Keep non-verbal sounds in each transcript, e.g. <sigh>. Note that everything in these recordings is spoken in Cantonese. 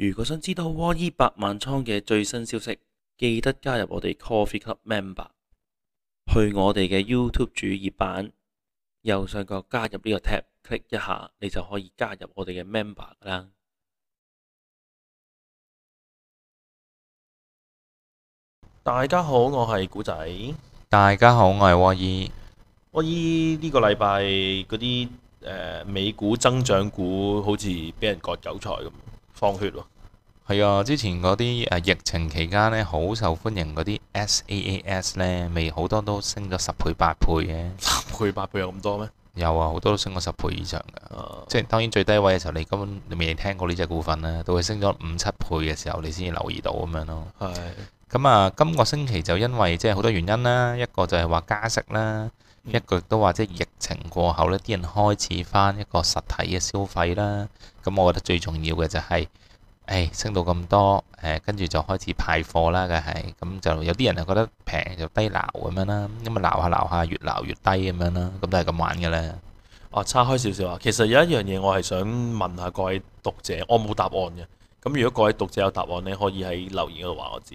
如果想知道沃依百萬倉嘅最新消息，記得加入我哋 Coffee Club Member。去我哋嘅 YouTube 主頁版右上角加入呢個 tap，click 一下，你就可以加入我哋嘅 Member 啦。大家好，我係古仔。大家好，我係沃依。沃依呢個禮拜嗰啲誒美股增長股好似俾人割韭菜咁，放血喎。係啊，之前嗰啲誒疫情期間咧，好受歡迎嗰啲 SaaS 咧，未好多都升咗十倍八倍嘅。十倍八倍有咁多咩？有啊，好多都升咗十倍以上㗎。哦、即係當然最低位嘅時候，你根本你未聽過呢隻股份啦，到佢升咗五七倍嘅時候，你先至留意到咁樣咯。係。咁啊，今個星期就因為即係好多原因啦，一個就係話加息啦，一個亦都話即係疫情過後呢啲人開始返一個實體嘅消費啦。咁我覺得最重要嘅就係、係。誒、哎、升到咁多，跟、嗯、住就開始派貨啦，梗係咁就有啲人啊覺得平就低撈咁樣啦，咁啊撈下撈下越撈越低咁樣啦，咁都係咁玩嘅呢。啊，差開少少啊，其實有一樣嘢我係想問下各位讀者，我冇答案嘅。咁如果各位讀者有答案，你可以喺留言嗰度話我知。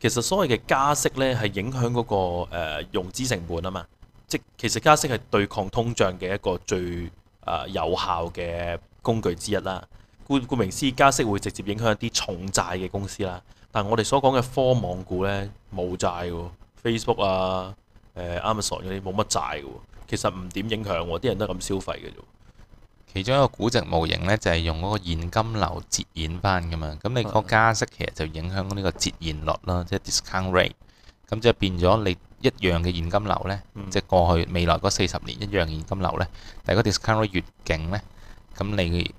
其實所謂嘅加息呢，係影響嗰、那個、呃、融資成本啊嘛，即其實加息係對抗通脹嘅一個最、呃、有效嘅工具之一啦。顧顧名思義，加息會直接影響一啲重債嘅公司啦。但係我哋所講嘅科網股呢，冇債嘅喎，Facebook 啊、呃、Amazon 嗰啲冇乜債嘅喎，其實唔點影響喎。啲人都係咁消費嘅啫。其中一個估值模型呢，就係用嗰個現金流折現翻㗎嘛。咁你嗰個加息其實就影響呢個折現率啦，即係 discount rate。咁即係變咗你一樣嘅現金流呢，即係、嗯、過去未來嗰四十年一樣現金流呢。但係個 discount rate 越勁呢。咁你。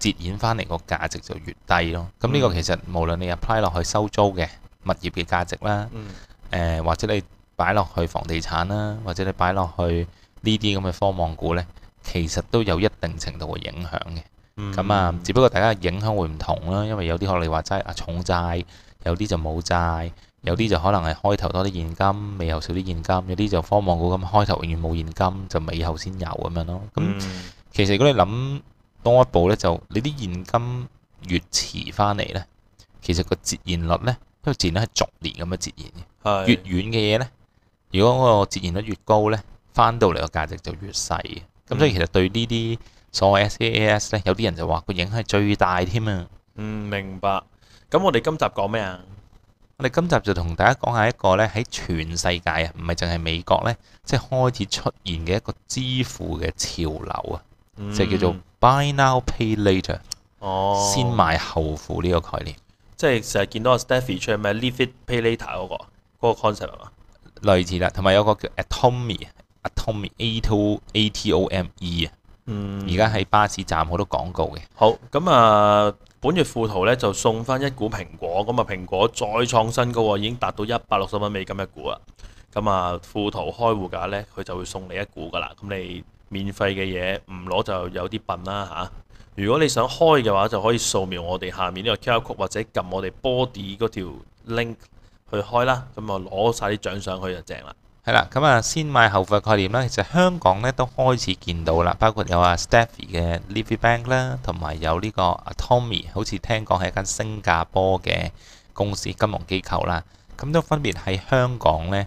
折現翻嚟個價值就越低咯。咁呢個其實無論你 apply 落去收租嘅物業嘅價值啦，誒、嗯呃、或者你擺落去房地產啦，或者你擺落去呢啲咁嘅科網股呢，其實都有一定程度嘅影響嘅。咁、嗯、啊，只不過大家影響會唔同啦，因為有啲學你話齋啊重債，有啲就冇債，有啲就可能係開頭多啲現金，尾後少啲現金，有啲就科網股咁開頭永遠冇現金，就尾後先有咁樣咯。咁、嗯、其實如果你諗，多一步咧，就你啲現金越遲翻嚟咧，其實個折現率咧，因為折現率係逐年咁樣折現嘅，是越遠嘅嘢咧，如果個折現率越高咧，翻到嚟個價值就越細嘅。咁所以其實對呢啲所謂 SaaS 咧，嗯、有啲人就話個影響係最大添啊。嗯，明白。咁我哋今集講咩啊？我哋今集就同大家講下一個咧喺全世界啊，唔係淨係美國咧，即、就、係、是、開始出現嘅一個支付嘅潮流啊，嗯、就叫做。Buy now, pay later，、哦、先買後付呢個概念，即係成日見到阿 Stephy 出咩 Leave it pay later 嗰、那個嗰、那個 concept，類似啦。同埋有個叫 Atome, Atome, a, to, a t o m i y a t o m i c A T O M E 啊、嗯，而家喺巴士站好多廣告嘅。好咁啊，本月富途咧就送翻一股蘋果，咁啊蘋果再創新高喎，已經達到一百六十蚊美金一股啊。咁啊富途開戶價咧，佢就會送你一股噶啦。咁你。免費嘅嘢唔攞就有啲笨啦嚇！如果你想開嘅話，就可以掃描我哋下面呢個 QR Code，或者撳我哋 body 嗰條 link 去開啦，咁啊攞晒啲獎上去就正啦。係啦，咁啊先買後付嘅概念啦，其實香港咧都開始見到啦，包括有阿 Stephy 嘅 Livy Bank 啦，同埋有呢個阿 Tommy，好似聽講係一間新加坡嘅公司金融機構啦，咁都分別喺香港咧。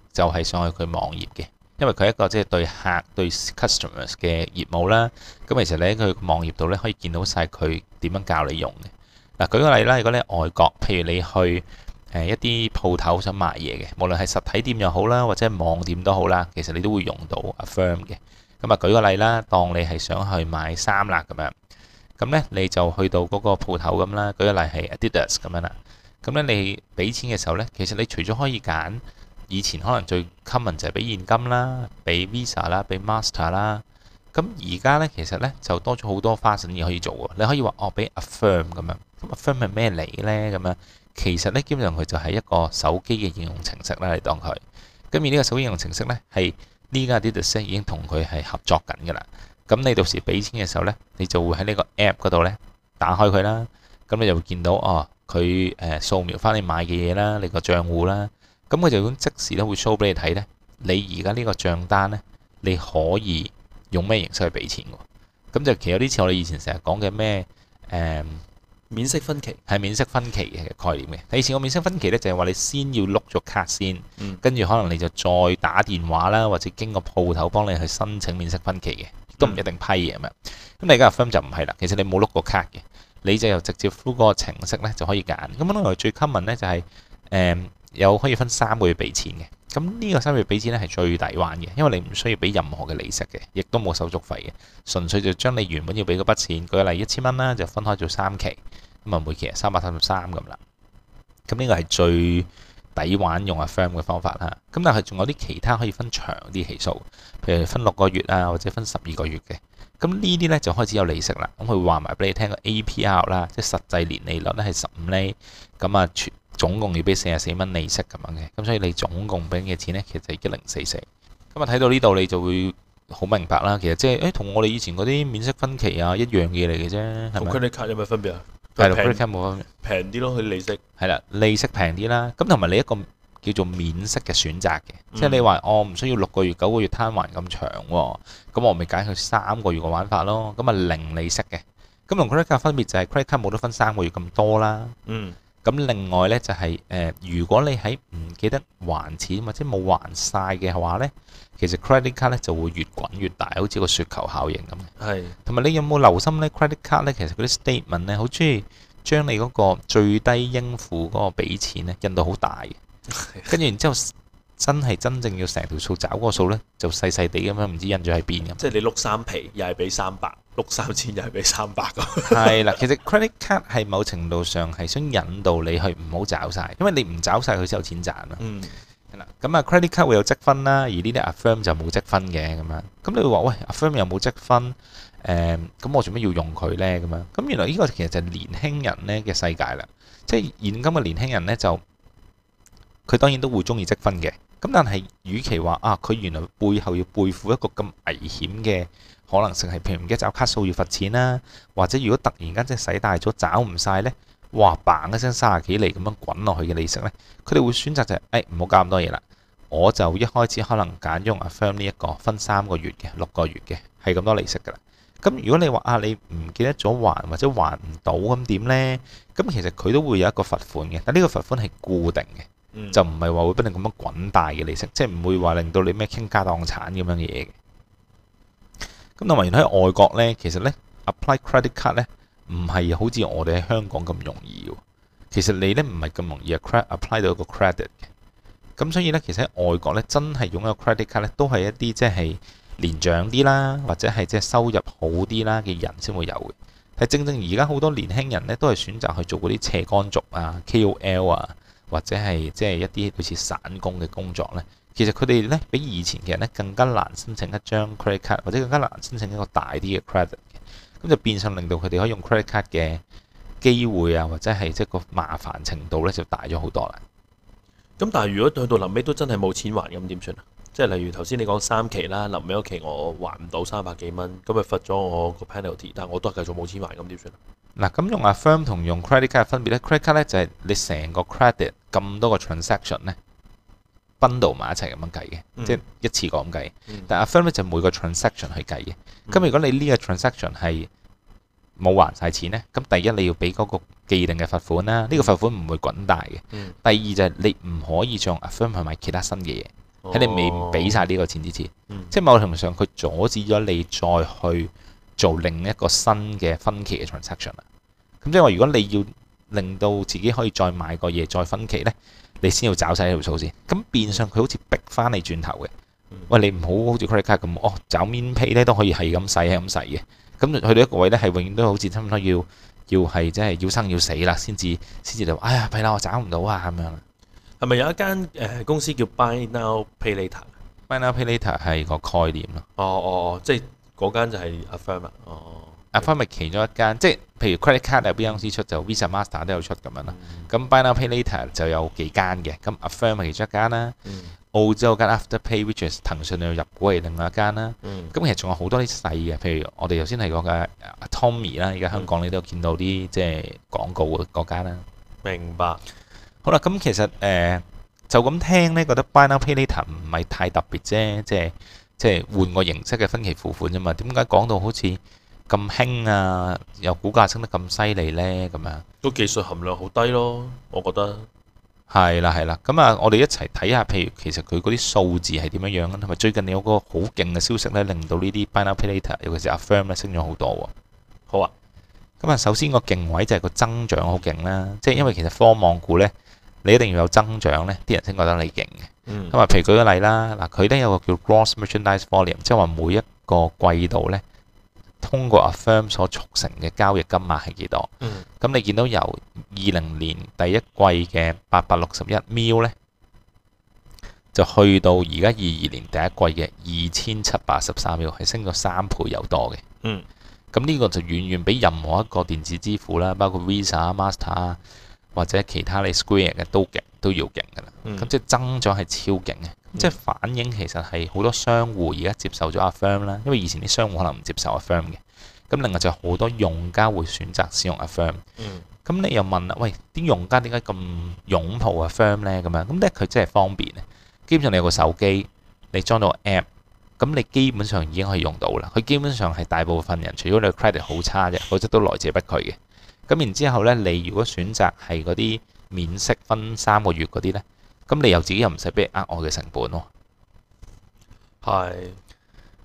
就係上去佢網頁嘅，因為佢一個即係對客對 customers 嘅業務啦。咁其實你喺佢網頁度咧可以見到晒佢點樣教你用嘅嗱。舉個例啦，如果你喺外國，譬如你去誒一啲鋪頭想買嘢嘅，無論係實體店又好啦，或者網店都好啦，其實你都會用到 Affirm 嘅。咁啊，舉個例啦，當你係想去買衫啦咁樣，咁咧你就去到嗰個鋪頭咁啦。舉個例係 Adidas 咁樣啦，咁咧你俾錢嘅時候咧，其實你除咗可以揀。以前可能最 common 就係俾現金啦、俾 Visa 啦、俾 Master 啦。咁而家咧，其實咧就多咗好多花錢嘢可以做喎。你可以話哦，俾 Affirm 咁樣。咁 Affirm 係咩嚟咧？咁樣其實咧，基本上佢就係一個手機嘅應用程式啦，你當佢。跟住呢個手機應用程式咧，係呢家啲特色已經同佢係合作緊嘅啦。咁你到時俾錢嘅時候咧，你就會喺呢個 app 嗰度咧打開佢啦。咁你就會見到哦，佢誒掃描翻你買嘅嘢啦，你個賬戶啦。咁佢就咁即時咧會 show 俾你睇咧，你而家呢個帳單咧，你可以用咩形式去俾錢喎？咁就其實有啲似我哋以前成日講嘅咩誒免息分期，係免息分期嘅概念嘅。以前我免息分期咧就係話你先要碌咗卡先，跟住、嗯、可能你就再打電話啦，或者經過鋪頭幫你去申請免息分期嘅，都唔一定批嘢。咁咁、嗯、你而家 firm 就唔係啦，其實你冇碌過卡嘅，你就又直接 through 個程式咧就可以揀。咁另外最 common 咧就係、是、誒。嗯有可以分三個月俾錢嘅，咁呢個三個月俾錢咧係最抵玩嘅，因為你唔需要俾任何嘅利息嘅，亦都冇手續費嘅，純粹就將你原本要俾嗰筆錢，舉例一千蚊啦，就分開做三期，咁啊每期三百三十三咁啦，咁呢個係最抵玩用 Affirm 嘅方法啦，咁但係仲有啲其他可以分長啲期數，譬如分六個月啊，或者分十二個月嘅，咁呢啲咧就開始有利息啦，咁佢話埋俾你聽個 APR 啦，即係實際年利率咧係十五厘。咁啊總共要俾四十四蚊利息咁樣嘅，咁所以你總共俾嘅錢咧，其實係一零四四。咁啊睇到呢度你就會好明白啦。其實即係誒同我哋以前嗰啲免息分期啊一樣嘢嚟嘅啫，係咪？同 credit card 有咩分別啊？係咯，credit card 冇分別，平啲咯佢利息。係啦，利息平啲啦。咁同埋你一個叫做免息嘅選擇嘅，即係你話我唔需要六個月、九個月攤還咁長喎，咁我咪揀佢三個月嘅玩法咯。咁啊零利息嘅。咁同 credit card 分別就係 credit card 冇得分三個月咁多啦。嗯。咁另外咧就係、是、誒、呃，如果你喺唔記得還錢或者冇還晒嘅話咧，其實 credit card 咧就會越滾越大，好似個雪球效應咁。係是。同埋你有冇留心呢 credit card 咧？其實嗰啲 statement 咧，好鍾意將你嗰個最低應付嗰個俾錢咧印到好大嘅， <laughs> 跟住然之後。真係真正要成條數找個數咧，就細細地咁樣，唔知印住喺邊咁。即係你碌三皮又係俾三百，碌三千又係俾三百個。係 <laughs> 啦，其實 credit card 係某程度上係想引導你去唔好找晒，因為你唔找晒，佢先有錢賺啊。咁啊、嗯、credit card 會有積分啦，而呢啲 affirm 就冇積分嘅咁樣。咁你會話喂，affirm 又冇積分，誒、呃、咁我做咩要用佢呢？」咁樣。咁原來呢個其實就年輕人呢嘅世界啦。即係現今嘅年輕人呢，就佢當然都會中意積分嘅。咁但係，與其話啊，佢原來背後要背負一個咁危險嘅可能性，係譬如唔記得找卡數要罰錢啦，或者如果突然間即係使大咗找唔晒呢，哇，嘭一聲三十幾厘咁樣滾落去嘅利息呢，佢哋會選擇就係、是，誒唔好搞咁多嘢啦，我就一開始可能揀用 Affirm 呢、這、一個，分三個月嘅、六個月嘅，係咁多利息噶啦。咁如果你話啊，你唔記得咗還或者還唔到咁點呢？咁其實佢都會有一個罰款嘅，但呢個罰款係固定嘅。嗯、就唔係話會不斷咁樣滾大嘅利息，即係唔會話令到你咩傾家蕩產咁樣嘅嘢。咁同埋，原來喺外國呢，其實呢 apply credit card 呢，唔係好似我哋喺香港咁容易。其實你呢，唔係咁容易 apply 到個 credit 嘅。咁所以呢，其實喺外國呢，真係擁有 credit card 呢，都係一啲即係年長啲啦，或者係即係收入好啲啦嘅人先會有嘅。但正正而家好多年輕人呢，都係選擇去做嗰啲斜槓族啊、KOL 啊。或者係即係一啲好似散工嘅工作呢，其實佢哋呢比以前嘅人呢更加難申請一張 credit card，或者更加難申請一個大啲嘅 credit，咁就變相令到佢哋可以用 credit card 嘅機會啊，或者係即係個麻煩程度呢就大咗好多啦。咁但係如果去到臨尾都真係冇錢還咁點算啊？即係例如頭先你講三期啦，臨尾一期我還唔到三百幾蚊，咁啊罰咗我個 penalty，但係我都係繼續冇錢還咁點算啊？嗱，咁用 Affirm 同用 credit card 嘅分別呢，credit card 呢就係你成個 credit。咁多個 transaction 咧 bundle 到埋一齊咁樣計嘅，嗯、即係一次過咁計。嗯、但係 Affirm 咧就是每個 transaction 去計嘅。咁、嗯、如果你這個是沒呢個 transaction 係冇還晒錢咧，咁第一你要俾嗰個既定嘅罰款啦，呢、嗯、個罰款唔會滾大嘅。嗯、第二就係你唔可以用 Affirm 去買其他新嘅嘢，喺、哦、你未俾晒呢個錢之前，哦嗯、即係某程度上佢阻止咗你再去做另一個新嘅分期嘅 transaction 啦。咁即係話如果你要令到自己可以再買個嘢再分期咧，你先要找曬呢條數先。咁變相佢好似逼翻你轉頭嘅。喂，你唔好好似 credit card 咁哦，找免 pay 咧都可以係咁使係咁使嘅。咁去到一個位咧，係永遠都好似差唔多要要係即係要生要死啦，先至先至就話哎呀，弊啦，我找唔到啊咁樣啦。係咪有一間誒公司叫 Buy Now Pay Later？Buy Now Pay Later 係個概念咯。哦哦哦，即係嗰間就係 Affirm 啊。哦。Affirm 係其中一間，即係譬如 credit card 有邊間公司出就 Visa、Master 都有出咁樣啦。咁、嗯、Buy Now Pay Later 就有幾間嘅，咁 Affirm 係其中一間啦。嗯、澳洲間 Afterpay，which 係騰訊又入過嚟另外一間啦。咁、嗯、其實仲有好多啲細嘅，譬如我哋頭先係講嘅 Tommy 啦，而家香港你都有見到啲即係廣告嘅嗰間啦。明白，好啦，咁其實誒、呃、就咁聽咧，覺得 Buy Now Pay Later 唔係太特別啫，即係即係換個形式嘅分期付款啫嘛。點解講到好似？咁興啊！又股價升得咁犀利咧，咁樣個技術含量好低咯，我覺得係啦，係啦。咁啊，我哋一齊睇下，譬如其實佢嗰啲數字係點樣樣，同埋最近有個好勁嘅消息咧，令到呢啲 binator，尤其是 Affirm 咧，升咗好多喎。好啊，咁啊，首先個勁位就係個增長好勁啦，即係因為其實科網股咧，你一定要有增長咧，啲人先覺得你勁嘅。咁啊，譬如舉個例啦，嗱，佢咧有個叫 Gross Merchandise Volume，即係話每一個季度咧。通過 Affirm 所促成嘅交易金額係幾多？咁、嗯、你見到由二零年第一季嘅八百六十一 m i l l 呢，就去到而家二二年第一季嘅二千七百十三 m i l l，係升咗三倍有多嘅。咁呢、嗯、個就遠遠比任何一個電子支付啦，包括 Visa、Master 或者其他你 Square 嘅都勁，都要勁噶啦。咁、嗯、即係增長係超勁嘅。即係反映其實係好多商戶而家接受咗 Affirm 啦，irm, 因為以前啲商戶可能唔接受 Affirm 嘅。咁另外就好多用家會選擇使用 Affirm。咁、嗯、你又問啦，喂，啲用家點解咁擁抱 Affirm 呢？」咁樣咁咧佢真係方便，基本上你有個手機，你裝到個 app，咁你基本上已經可以用到啦。佢基本上係大部分人，除咗你 credit 好差啫，否則都來者不拒嘅。咁然之後呢，你如果選擇係嗰啲免息分三個月嗰啲呢。咁你又自己又唔使俾額外嘅成本咯，係是。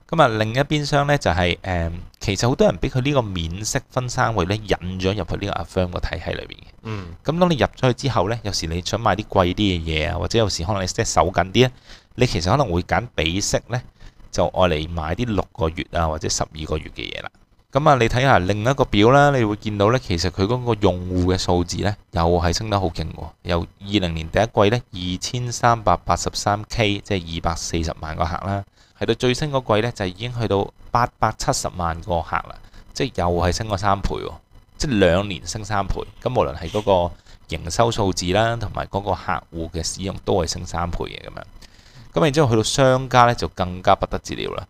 咁啊，另一邊廂呢就係、是嗯、其實好多人畀佢呢個免息分三位呢引咗入去呢個 Affirm 個體系裏面嘅。咁、嗯、當你入咗去之後呢，有時你想買啲貴啲嘅嘢啊，或者有時可能你即係手緊啲咧，你其實可能會揀比息呢，就愛嚟買啲六個月啊，或者十二個月嘅嘢啦。咁啊，你睇下另一個表啦，你會見到呢，其實佢嗰個用戶嘅數字呢，又係升得好勁喎。由二零年第一季呢，二千三百八十三 K，即係二百四十萬個客啦，喺到最新嗰季呢，就已經去到八百七十萬個客啦，即係又係升咗三倍喎，即係兩年升三倍。咁無論係嗰個營收數字啦，同埋嗰個客戶嘅使用都係升三倍嘅咁樣。咁然之後去到商家呢，就更加不得之了啦，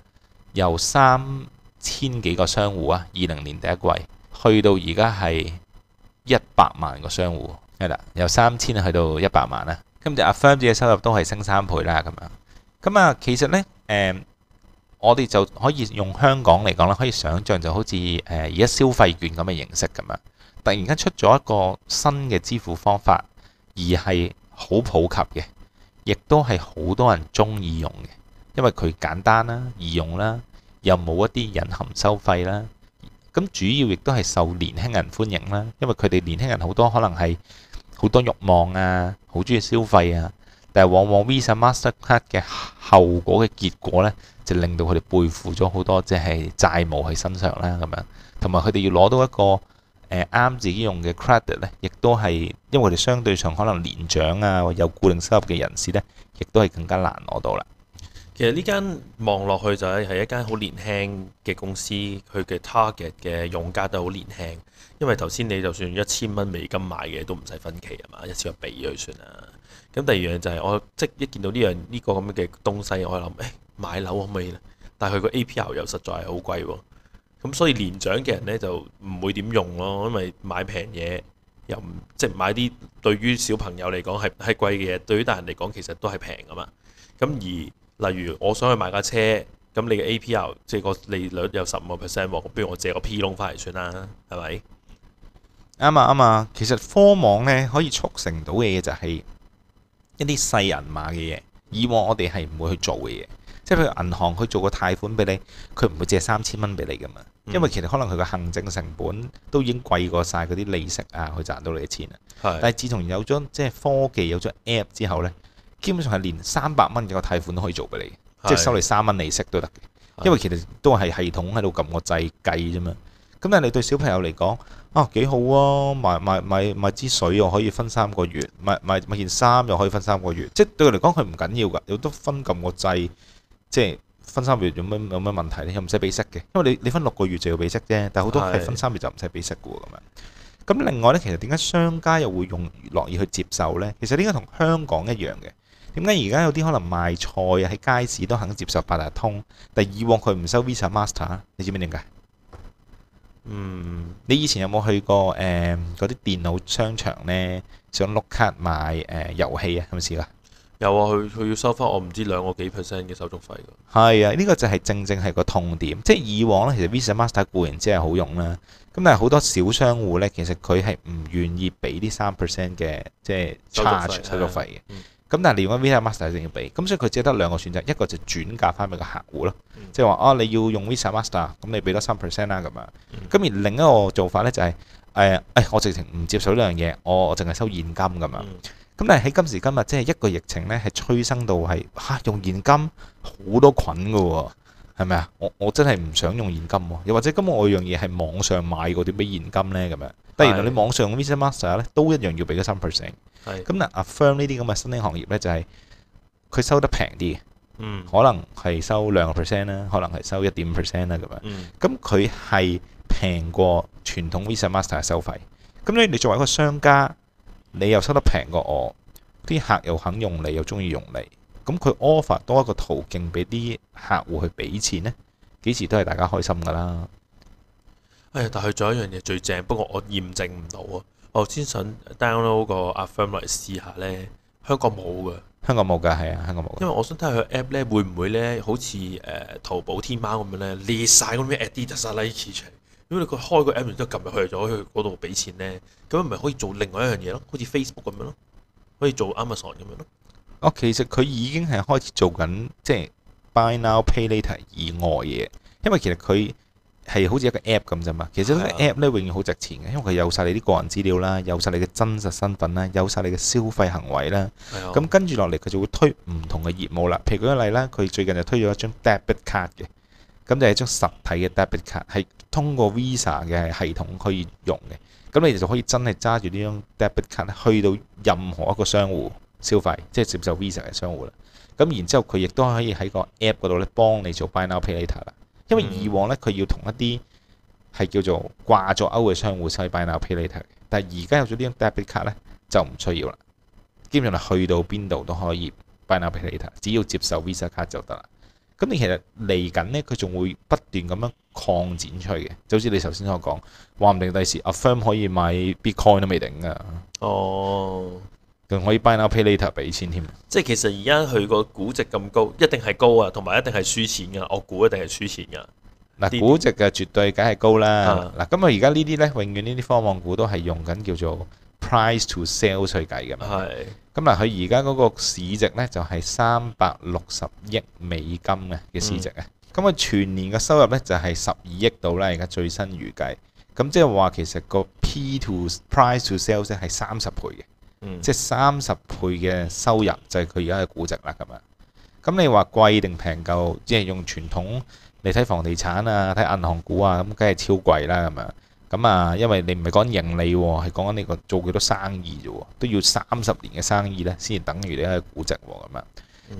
由三千幾個商戶啊，二零年第一季去到而家係一百萬個商戶，係啦，由三千去到一百萬啦，咁就 Affirm 嘅收入都係升三倍啦咁樣。咁啊，其實呢，誒、呃，我哋就可以用香港嚟講啦，可以想象就好似誒而家消費券咁嘅形式咁樣，突然間出咗一個新嘅支付方法，而係好普及嘅，亦都係好多人中意用嘅，因為佢簡單啦，易用啦。又冇一啲隱含收費啦。咁主要亦都係受年輕人歡迎啦，因為佢哋年輕人好多可能係好多慾望啊，好中意消費啊。但係往往 Visa、Mastercard 嘅後果嘅結果咧，就令到佢哋背負咗好多即係債務喺身上啦。咁樣同埋佢哋要攞到一個誒啱自己用嘅 credit 咧，亦都係因為佢哋相對上可能年長啊，有固定收入嘅人士咧，亦都係更加難攞到啦。其實呢間望落去就係一間好年輕嘅公司，佢嘅 target 嘅用家都好年輕。因為頭先你就算一千蚊美金買嘅都唔使分期吖嘛，一次過俾佢算啦。咁第二樣就係、是、我即一見到呢、這個這個、樣呢個咁嘅東西，我係諗誒買樓可唔可以呢，但係佢個 APR 又實在係好貴喎。咁所以年長嘅人呢，就唔會點用咯，因為買平嘢又唔即係買啲對於小朋友嚟講係係貴嘅嘢，對於大人嚟講其實都係平㗎嘛。咁而例如我想去買架車，咁你嘅 A.P.R. 即係個利率有十五個 percent 喎，不如我借個 P 窿翻嚟算啦，係咪？啱啊，啱啊。其實科網呢可以促成到嘅嘢就係一啲細人馬嘅嘢，以往我哋係唔會去做嘅嘢。即係譬如銀行去做個貸款俾你，佢唔會借三千蚊俾你噶嘛，因為其實可能佢個行政成本都已經貴過晒嗰啲利息啊，去賺到你嘅錢啊。係。但係自從有咗即係科技有咗 App 之後呢。基本上係連三百蚊嘅個貸款都可以做俾你，是的 即係收你三蚊利息都得嘅，是的 因為其實都係系統喺度撳個掣計啫嘛。咁但係你對小朋友嚟講，啊幾好啊！買買買買，買支水又可以分三個月，買買買件衫又可以分三個月，即係對佢嚟講佢唔緊要㗎，有都分撳個掣，即係分三個月有乜有乜問題咧？又唔使俾息嘅，因為你你分六個月就要俾息啫，但係好多係分三個月就唔使俾息嘅喎咁樣。咁是的 另外呢，其實點解商家又會用樂意去接受呢？其實呢個同香港一樣嘅。點解而家有啲可能賣菜啊喺街市都肯接受八達通，但以往佢唔收 Visa Master，你知唔知點解？嗯，你以前有冇去過誒嗰啲電腦商場呢？想碌卡買誒遊戲啊？有冇試過？有啊，佢佢要收翻我唔知兩個幾 percent 嘅手續費㗎。係啊，呢個就係正正係個痛點，即係以往咧，其實 Visa Master 固然真係好用啦，咁但係好多小商戶呢，其實佢係唔願意俾啲三 percent 嘅即係 charge 手續費嘅。的咁但係你用 Visa Master 一定要俾，咁所以佢只得兩個選擇，一個就轉嫁翻俾個客戶咯，嗯、即係話、啊、你要用 Visa Master，咁你俾多三 percent 啦咁樣。咁、嗯、而另一個做法咧就係誒誒，我直情唔接受呢樣嘢，我淨係收現金咁樣。咁、嗯、但係喺今時今日，即係一個疫情咧，係催生到係吓、啊、用現金好多菌噶喎。係咪啊？我我真係唔想用現金喎，又或者今日我樣嘢喺網上買，我點俾現金呢？咁樣？但係原來你網上 Visa Master 咧都一樣要俾個三 percent。咁嗱的，Affirm 呢啲咁嘅新興行業呢、就係，就係佢收得平啲、嗯、可能係收兩個 percent 啦，可能係收一點五 percent 啦咁樣。咁佢係平過傳統 Visa Master 收費。咁咧，你作為一個商家，你又收得平過我，啲客又肯用你，又中意用你。咁佢 offer 多一個途徑俾啲客戶去俾錢呢，幾時都係大家開心噶啦。誒、哎，但係仲有一樣嘢最正，不過我驗證唔到啊，我先想 download 個 Affirm 嚟試下呢，香港冇噶，香港冇㗎，係啊，香港冇。因為我想睇下佢 app 呢會唔會呢？好似誒淘寶、天貓咁樣呢，列曬嗰啲 Adidas 出嚟。咁你佢開個 app 然之後撳入去咗去嗰度俾錢呢。咁咪可以做另外一樣嘢咯，好似 Facebook 咁樣咯，可以做 Amazon 咁樣咯。哦，其實佢已經係開始做緊即係 buy now pay later 以外嘢，因為其實佢係好似一個 app 咁啫嘛。其實呢個 app 咧永遠好值錢嘅，因為佢有曬你啲個人資料啦，有曬你嘅真實身份啦，有曬你嘅消費行為啦。咁跟住落嚟，佢就會推唔同嘅業務啦。譬如舉個例啦，佢最近就推咗一張 debit card 嘅，咁就係一張實體嘅 debit card，係通過 Visa 嘅系統可以用嘅。咁你就可以真係揸住呢張 debit card 咧，去到任何一個商戶。消費即係接受 Visa 嘅商戶啦，咁然之後佢亦都可以喺個 App 嗰度咧幫你做 Buy Now Pay Later 啦。因為以往咧佢要同一啲係叫做掛咗勾嘅商戶先可以 Buy Now Pay Later，但係而家有咗呢張 debit 卡咧就唔需要啦。基本上去到邊度都可以 Buy Now Pay Later，只要接受 Visa 卡就得啦。咁你其實嚟緊呢，佢仲會不斷咁樣擴展出去嘅。就好似你頭先所講，話唔定第時 Affirm 可以買 Bitcoin 都未定㗎。哦。Oh. 仲可以 buy now pay later，俾錢添。即係其實而家佢個估值咁高，一定係高啊，同埋一定係輸錢噶。我估一定係輸錢噶。嗱，估值嘅絕對梗係高啦。嗱、嗯，咁啊，而家呢啲咧，永遠呢啲科網股都係用緊叫做 price to sales 去計噶嘛。係咁嗱，佢而家嗰個市值咧就係三百六十億美金嘅嘅市值啊。咁啊、嗯，全年嘅收入咧就係十二億度啦。而家最新預計咁，即係話其實個 p to price to sales 咧係三十倍嘅。即係三十倍嘅收入就係佢而家嘅估值啦，咁樣。咁你話貴定平夠？即係用傳統嚟睇房地產啊，睇銀行股啊，咁梗係超貴啦，咁樣。咁啊，因為你唔係講盈利喎，係講緊你個做幾多生意啫，都要三十年嘅生意咧，先至等於你個估值喎，咁樣。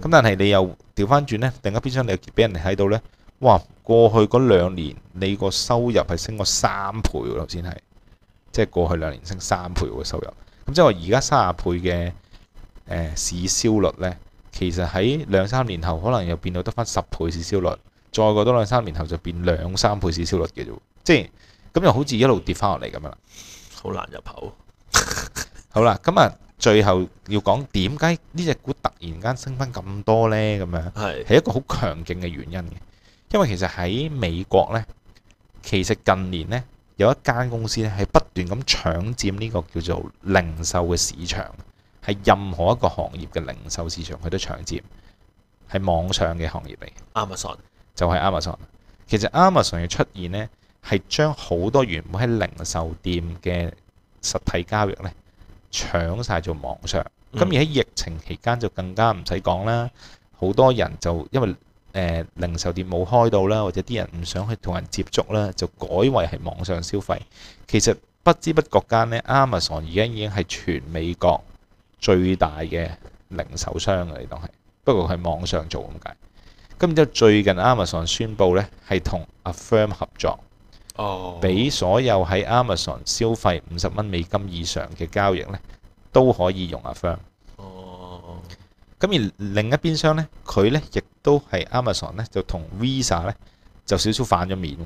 咁但係你又調翻轉咧，另一邊廂你又俾人哋睇到咧，哇！過去嗰兩年你個收入係升過三倍喎，頭先係，即係過去兩年升三倍喎收入。咁即係話，而家三十倍嘅誒市銷率呢，其實喺兩三年後可能又變到得翻十倍市銷率，再過多兩三年後就變兩三倍市銷率嘅啫。即係咁又好似一路跌翻落嚟咁樣啦。好難入口。 <laughs> 好啦，咁啊，最後要講點解呢隻股突然間升翻咁多呢？咁樣，係係一個好強勁嘅原因嘅，因為其實喺美國呢，其實近年呢。有一間公司咧，係不斷咁搶佔呢個叫做零售嘅市場，係任何一個行業嘅零售市場，佢都搶佔，係網上嘅行業嚟。Amazon 就係 Amazon，其實 Amazon 嘅出現呢，係將好多原本喺零售店嘅實體交易咧搶晒做網上，咁而喺疫情期間就更加唔使講啦，好多人就因為。誒、呃、零售店冇開到啦，或者啲人唔想去同人接觸啦，就改為係網上消費。其實不知不覺間呢 Amazon 而家已經係全美國最大嘅零售商嚟。你當係不過係網上做咁解。咁然之後最近 Amazon 宣布呢，係同 Affirm 合作，俾、oh. 所有喺 Amazon 消費五十蚊美金以上嘅交易呢，都可以用 Affirm。咁而另一邊廂咧，佢咧亦都係 Amazon 咧就同 Visa 咧就少少反咗面，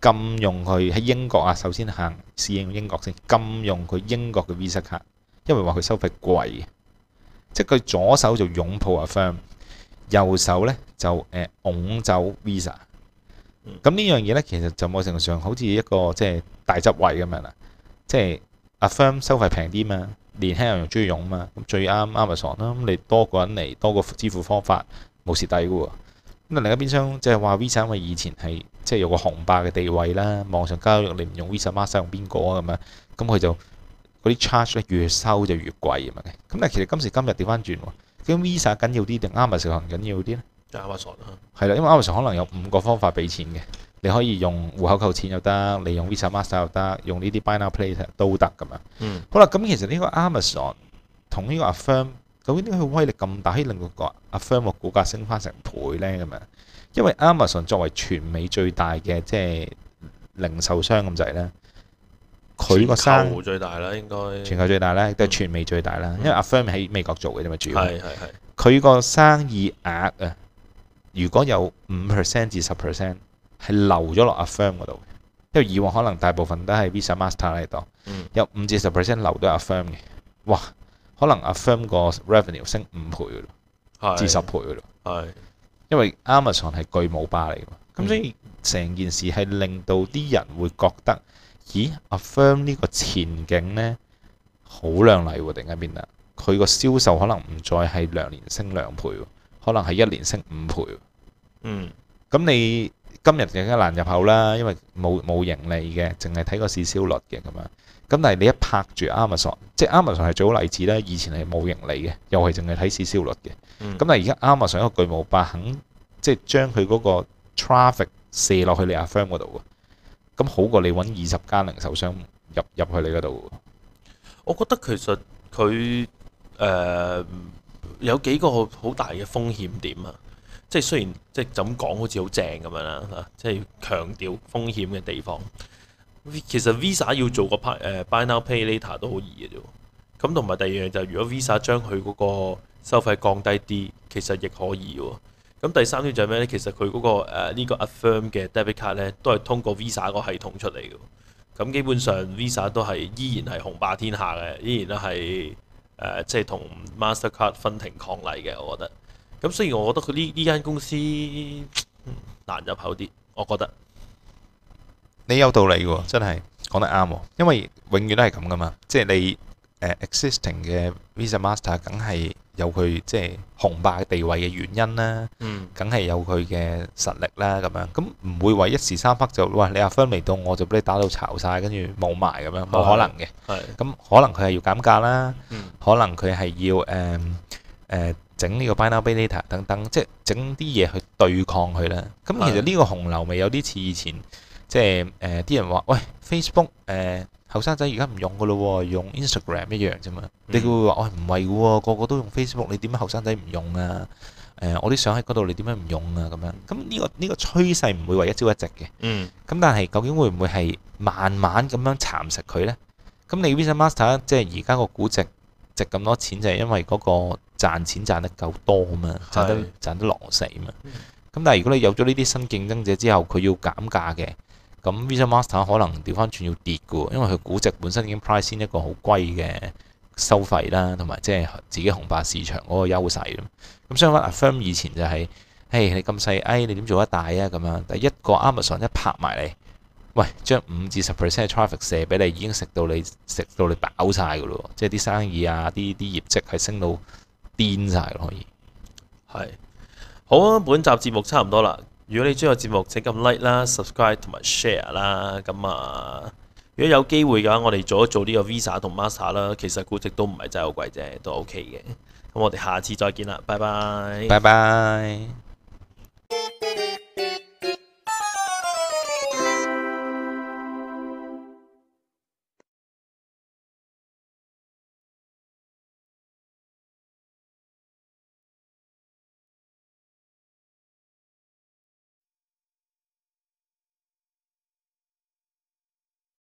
禁用佢喺英國啊！首先行試用英國先，禁用佢英國嘅 Visa 卡，因為話佢收費貴，即係佢左手就擁抱 Affirm，右手咧就誒、拱走 Visa。咁呢樣嘢咧，其實就某程度上好似一個即係大執位咁樣啦，即係 Affirm 收費平啲嘛。年輕人用中意用嘛，咁最啱 Amazon 啦，啊。咁你多個人嚟多個支付方法，冇蝕底嘅喎。咁另一邊廂即係、就、話、是、Visa，因為以前係即係有個紅霸嘅地位啦。網上交易你唔用 Visa，使用邊個啊？咁啊，咁佢就嗰啲 charge 咧，越收就越貴啊嘛。咁但係其實今時今日調翻轉喎，咁 Visa 緊要啲定 Amazon 緊要啲咧？就 Amazon 啦，係啦，因為 Amazon 可能有五個方法俾錢嘅。你可以用戶口扣錢又得，你用 Visa Master 又得，用呢啲 Buy Now Pay Later 都得㗎嘛。嗯，好啦，咁其實呢個 Amazon 同呢個 Affirm，究竟點解佢威力咁大，可以令到個 Affirm 個股價升翻成倍咧咁啊？因為 Amazon 作為全美最大嘅即係零售商咁滯咧，佢個生最大啦，應該全球最大啦，都係全美最大啦。嗯，因為 Affirm 喺美國做嘅啫嘛，主要係係係佢個生意額啊，如果有五 percent 至十 percent。係留咗落 Affirm 嗰度，因為以往可能大部分都係 Visa、Master 喺度，有五至十 percent 留到 Affirm 嘅，哇！可能 Affirm 個 revenue 升五倍咯，是至十倍咯，是因為 Amazon 係巨無霸嚟㗎，咁所以成件事係令到啲人會覺得，咦 Affirm 呢個前景呢，好靚麗喎，突然間變喇，佢個銷售可能唔再係兩年升兩倍喎，可能係一年升五倍喎，嗯，咁你？今日更加難入口啦，因為冇冇盈利嘅，淨係睇個市銷率嘅咁樣。咁但係你一拍住 Amazon，即係 Amazon 係最好例子啦。以前係冇盈利嘅，又係淨係睇市銷率嘅。咁、嗯、但係而家 Amazon 一個巨無霸肯即係將佢嗰個 traffic 卸落去你阿 firm 嗰度，咁好過你搵二十間零售商入入去你嗰度。我覺得其實佢誒、呃、有幾個好大嘅風險點啊！即係雖然即係咁講好似好正咁樣啦，即係強調風險嘅地方。其實 Visa 要做個派 Buy Now Pay Later 都好易嘅啫。咁同埋第二樣就係，如果 Visa 將佢嗰個收費降低啲，其實亦可以喎。咁第三點就係咩呢？其實佢嗰個誒呢個 Affirm 嘅 debit card 呢，都係通過 Visa 個系統出嚟嘅。咁基本上 Visa 都係依然係雄霸天下嘅，依然都係誒即係同 Mastercard 分庭抗禮嘅，我覺得。咁雖然我覺得佢呢呢間公司難入口啲，我覺得你有道理喎，真係講得啱喎。因為永遠都係咁㗎嘛，即係呃、Master，是即係你誒 existing 嘅 Visa Master 梗係有佢即係雄霸地位嘅原因啦，梗係、嗯、有佢嘅實力啦，咁樣咁唔會話一時三刻就話你 Affirm 未到我就俾你打到巢晒，跟住冇埋咁樣，冇可能嘅。係咁的可能佢係要減價啦，嗯、可能佢係要誒誒。呃呃整呢個 buy now pay later 等等，即係整啲嘢去對抗佢啦。咁其實呢個洪流咪有啲似以前，即係啲、呃、人話喂 Facebook 誒後生仔而家唔用喇咯，用 Instagram 一樣啫嘛、嗯哎呃。你、這個這個、會話我係唔係喎？個個都用 Facebook，你點解後生仔唔用啊？我啲相喺嗰度，你點樣唔用啊？咁樣咁呢個呢個趨勢唔會話一朝一夕嘅。嗯。咁但係究竟會唔會係慢慢咁樣蠶食佢呢？咁你 Visa Master 即係而家個估值值咁多錢，就係、是、因為嗰、那個。賺錢賺得夠多嘛，賺得賺是得狼死嘛。咁、嗯、但係如果你有咗呢啲新競爭者之後，佢要減價嘅，咁 Visa Master 可能調翻轉要跌嘅喎，因為佢估值本身已經 pricing 一個好貴嘅收費啦，同埋即係自己紅化市場嗰個優勢。咁相反，Affirm、嗯、以前就係、是，誒你咁細，誒、哎、你點做得大啊？咁樣，第一個 Amazon 一拍埋嚟，喂，將五至十 percent 嘅 traffic 射俾你，已經食到你食到你飽曬嘅咯，即係啲生意啊，啲啲業績係升到。癲曬可以，係好啊！本集節目差唔多啦。如果你中意我節目，請撳 like 啦、subscribe 同埋 share 啦。咁啊，如果有機會嘅話，我哋做一做呢個 Visa 同 Master 啦。其實估值都唔係真係好貴啫，都 OK 嘅。咁我哋下次再見啦，拜拜，拜拜。